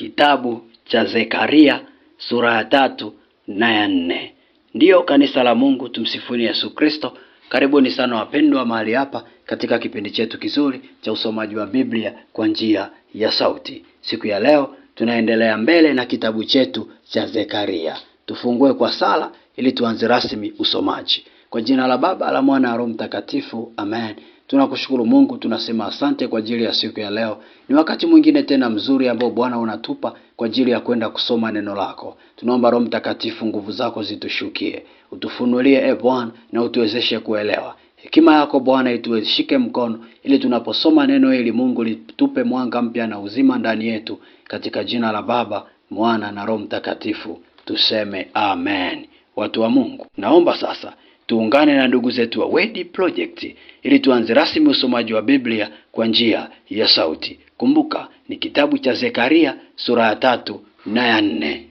kitabu cha Zekaria sura ya tatu na ya nne. Ndiyo kanisa la Mungu, tumsifuni Yesu Kristo. Karibuni sana wapendwa mahali hapa katika kipindi chetu kizuri cha usomaji wa Biblia kwa njia ya sauti. Siku ya leo tunaendelea mbele na kitabu chetu cha Zekaria. Tufungue kwa sala ili tuanze rasmi usomaji. Kwa jina la Baba la Mwana na Roho Mtakatifu, amen. Tunakushukuru Mungu, tunasema asante kwa ajili ya siku ya leo. Ni wakati mwingine tena mzuri ambao Bwana unatupa kwa ajili ya kwenda kusoma neno lako. Tunaomba Roho Mtakatifu, nguvu zako zitushukie, utufunulie e Bwana, na utuwezeshe kuelewa hekima yako Bwana ituweshike mkono, ili tunaposoma neno hili Mungu litupe mwanga mpya na uzima ndani yetu, katika jina la Baba, Mwana na Roho Mtakatifu tuseme amen. Watu wa Mungu, naomba sasa tuungane na ndugu zetu wa Word Project ili tuanze rasmi usomaji wa Biblia kwa njia ya sauti. Kumbuka ni kitabu cha Zekaria sura ya tatu na ya nne.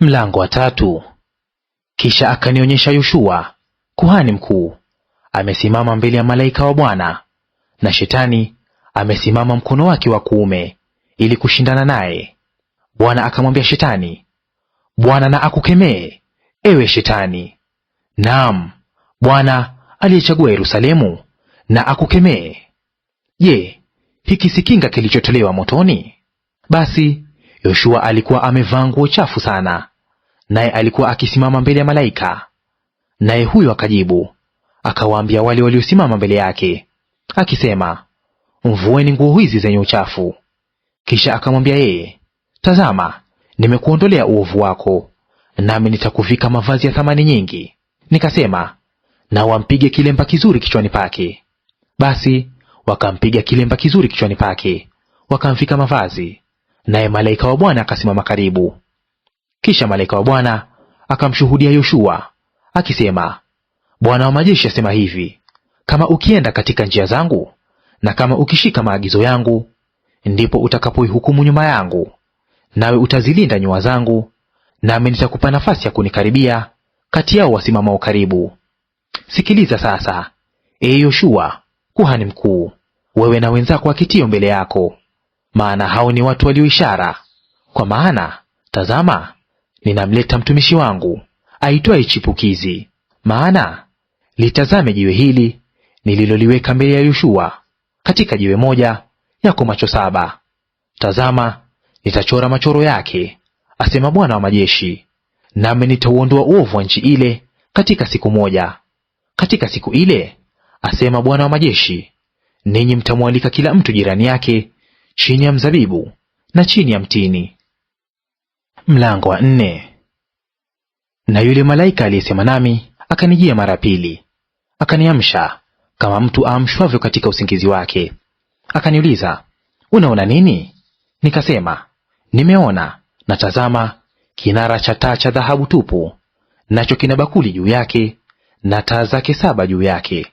Mlango wa tatu. Kisha akanionyesha Yoshua kuhani mkuu amesimama mbele ya malaika wa Bwana, na shetani amesimama mkono wake wa kuume ili kushindana naye. Bwana akamwambia Shetani, Bwana na akukemee, ewe Shetani, Naam, Bwana aliyechagua Yerusalemu na akukemee. Je, hiki si kinga kilichotolewa motoni? Basi Yoshua alikuwa amevaa nguo chafu sana, naye alikuwa akisimama mbele ya malaika. Naye huyo akajibu akawaambia wale waliosimama mbele yake akisema, mvueni nguo hizi zenye uchafu. Kisha akamwambia yeye, tazama, nimekuondolea uovu wako, nami nitakuvika mavazi ya thamani nyingi. Nikasema, na wampige kilemba kizuri kichwani pake. Basi wakampiga kilemba kizuri kichwani pake, wakamfika mavazi, naye malaika wa Bwana akasimama karibu. Kisha malaika wa Bwana akamshuhudia Yoshua akisema, Bwana wa majeshi asema hivi, kama ukienda katika njia zangu na kama ukishika maagizo yangu, ndipo utakapoihukumu nyumba yangu, nawe utazilinda nyua zangu, nami nitakupa nafasi ya kunikaribia kati yao wasimamao karibu. Sikiliza sasa, e Yoshua kuhani mkuu, wewe na wenzako wakitio mbele yako, maana hao ni watu walioishara. Kwa maana tazama, ninamleta mtumishi wangu aitwaye Chipukizi. Maana litazame jiwe hili nililoliweka mbele ya Yoshua, katika jiwe moja yako macho saba. Tazama, nitachora machoro yake, asema Bwana wa majeshi, nami nitauondoa uovu wa nchi ile katika siku moja. Katika siku ile, asema Bwana wa majeshi, ninyi mtamwalika kila mtu jirani yake chini ya mzabibu na chini ya mtini. Mlango wa nne. Na yule malaika aliyesema nami akanijia mara pili, akaniamsha kama mtu aamshwavyo katika usingizi wake. Akaniuliza, unaona nini? Nikasema, nimeona tazama, kinara cha taa cha dhahabu tupu, nacho kina bakuli juu yake na taa zake saba juu yake.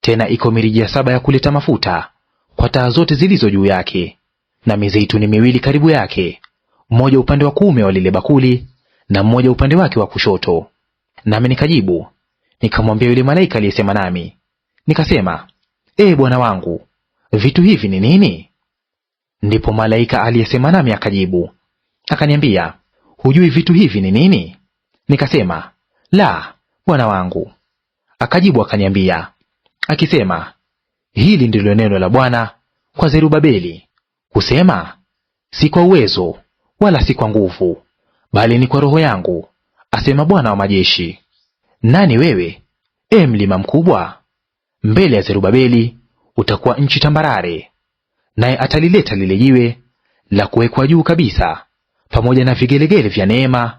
Tena iko mirija saba ya kuleta mafuta kwa taa zote zilizo juu yake, na mizeituni miwili karibu yake, mmoja upande wa kuume wa lile bakuli na mmoja upande wake wa kushoto. Nami nikajibu nikamwambia yule malaika aliyesema nami, nikasema, Ee Bwana wangu, vitu hivi ni nini? Ndipo malaika aliyesema nami akajibu akaniambia, hujui vitu hivi ni nini? Nikasema, la, bwana wangu. Akajibu akaniambia akisema, hili ndilo neno la Bwana kwa Zerubabeli kusema, si kwa uwezo wala si kwa nguvu, bali ni kwa Roho yangu, asema Bwana wa majeshi. Nani wewe, e mlima mkubwa? Mbele ya Zerubabeli utakuwa nchi tambarare, naye atalileta lile jiwe la kuwekwa juu kabisa pamoja na vigelegele vya neema,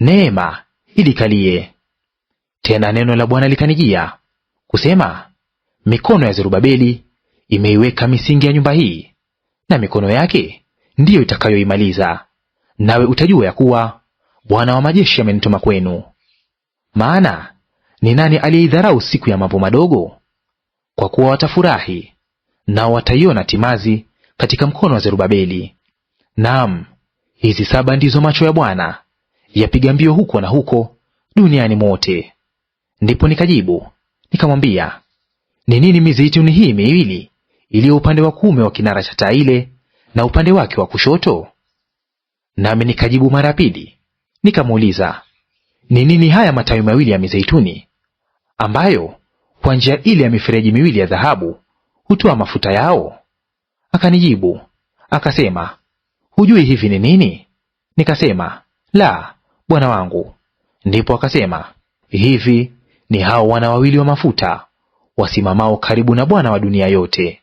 neema ilikalie. Tena neno la Bwana likanijia kusema, mikono ya Zerubabeli imeiweka misingi ya nyumba hii, na mikono yake ndiyo itakayoimaliza. Nawe utajua ya kuwa Bwana wa majeshi amenituma kwenu. Maana ni nani aliyeidharau siku ya mambo madogo? Kwa kuwa watafurahi, nao wataiona timazi katika mkono wa Zerubabeli. Naam, Hizi saba ndizo macho ya Bwana yapiga mbio huko na huko duniani mote Ndipo nikajibu nikamwambia, ni nini mizeituni hii miwili iliyo upande wa kuume wa kinara cha taa ile na upande wake wa kushoto? Nami nikajibu mara pili nikamuuliza, ni nini haya matawi mawili ya mizeituni ambayo kwa njia ile ya mifereji miwili ya dhahabu hutoa mafuta yao? Akanijibu akasema hujui hivi ni nini? Nikasema, la, bwana wangu. Ndipo akasema, hivi ni hao wana wawili wa mafuta wasimamao karibu na Bwana wa dunia yote,